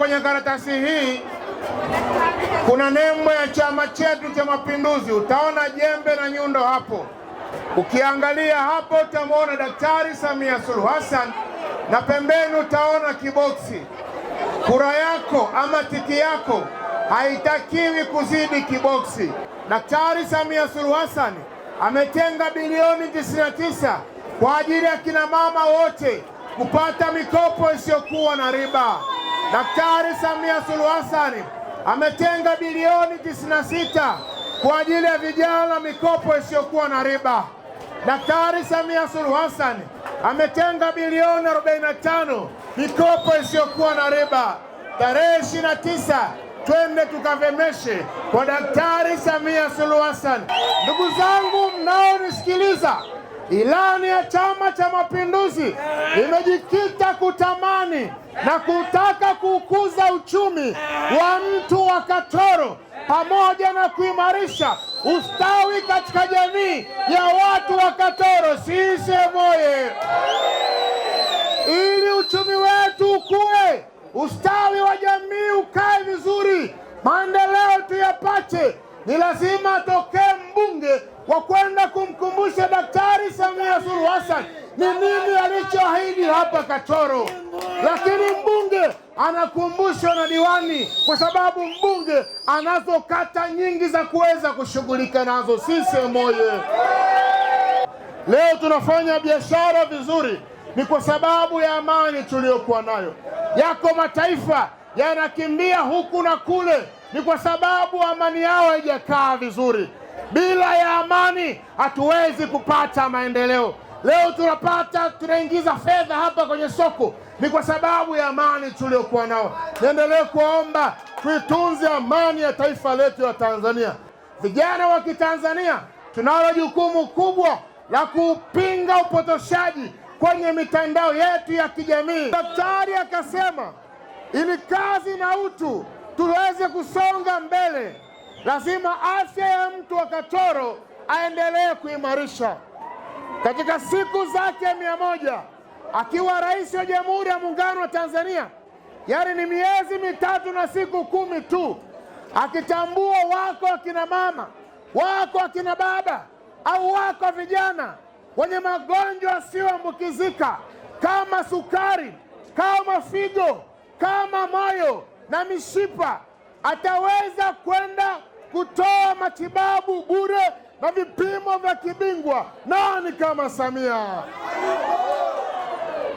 kwenye karatasi hii kuna nembo ya chama chetu cha Mapinduzi. Utaona jembe na nyundo hapo. Ukiangalia hapo utamwona Daktari Samia Suluhu Hassan na pembeni utaona kiboksi. Kura yako ama tiki yako haitakiwi kuzidi kiboksi. Daktari Samia Suluhu Hassan ametenga bilioni 99 kwa ajili ya kinamama wote kupata mikopo isiyokuwa na riba. Daktari Samia Suluhu Hassan ametenga bilioni 96 kwa ajili ya vijana, mikopo isiyokuwa na riba. Daktari Samia Suluhu Hassan ametenga bilioni 45 mikopo isiyokuwa na riba. Tarehe 29 twende tukavemeshe kwa Daktari Samia Suluhu Hassan. Ndugu zangu mnaonisikiliza Ilani ya Chama cha Mapinduzi imejikita kutamani na kutaka kukuza uchumi wa mtu wa Katoro pamoja na kuimarisha ustawi katika jamii ya watu wa Katoro. CCM oye! Ili uchumi wetu ukue, ustawi wa jamii ukae vizuri, maendeleo tuyapate, ni lazima atokee mbunge wa Suluhu Hassan ni nini alichoahidi hapa Katoro, lakini mbunge anakumbushwa na diwani, kwa sababu mbunge anazo kata nyingi za kuweza kushughulika nazo. Sisi moye leo tunafanya biashara vizuri ni kwa sababu ya amani tuliyokuwa nayo. Yako mataifa yanakimbia huku na kule, ni kwa sababu amani yao haijakaa vizuri. Bila ya amani hatuwezi kupata maendeleo. Leo tunapata tunaingiza fedha hapa kwenye soko ni kwa sababu ya amani tuliokuwa nao. Niendelee kuomba tuitunze amani ya taifa letu la Tanzania. Vijana wa Kitanzania tunalo jukumu kubwa la kupinga upotoshaji kwenye mitandao yetu ya kijamii. Daktari akasema ili kazi na utu tuweze kusonga mbele lazima afya ya mtu wa Katoro aendelee kuimarisha katika siku zake mia moja akiwa rais wa Jamhuri ya Muungano wa Tanzania, yaani ni miezi mitatu na siku kumi tu, akitambua wako akina mama, wako akina baba, au wako vijana wenye magonjwa asiyoambukizika kama sukari, kama figo, kama moyo na mishipa, ataweza kwe kutoa matibabu bure na vipimo vya kibingwa. Nani kama Samia?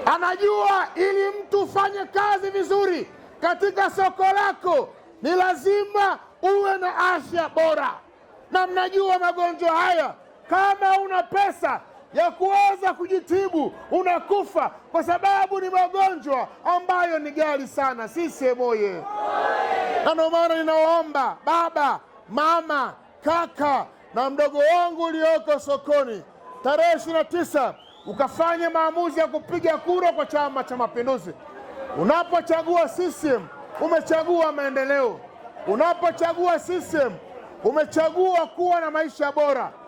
Anajua ili mtu ufanye kazi vizuri katika soko lako ni lazima uwe na afya bora, na mnajua magonjwa haya, kama una pesa ya kuweza kujitibu unakufa, kwa sababu ni magonjwa ambayo ni ghali sana. Sisi emoye, na ndio maana ninawaomba baba mama, kaka na mdogo wangu ulioko sokoni tarehe ishirini na tisa ukafanye maamuzi ya kupiga kura kwa Chama cha Mapinduzi. Unapochagua CCM umechagua maendeleo, unapochagua CCM umechagua kuwa na maisha bora.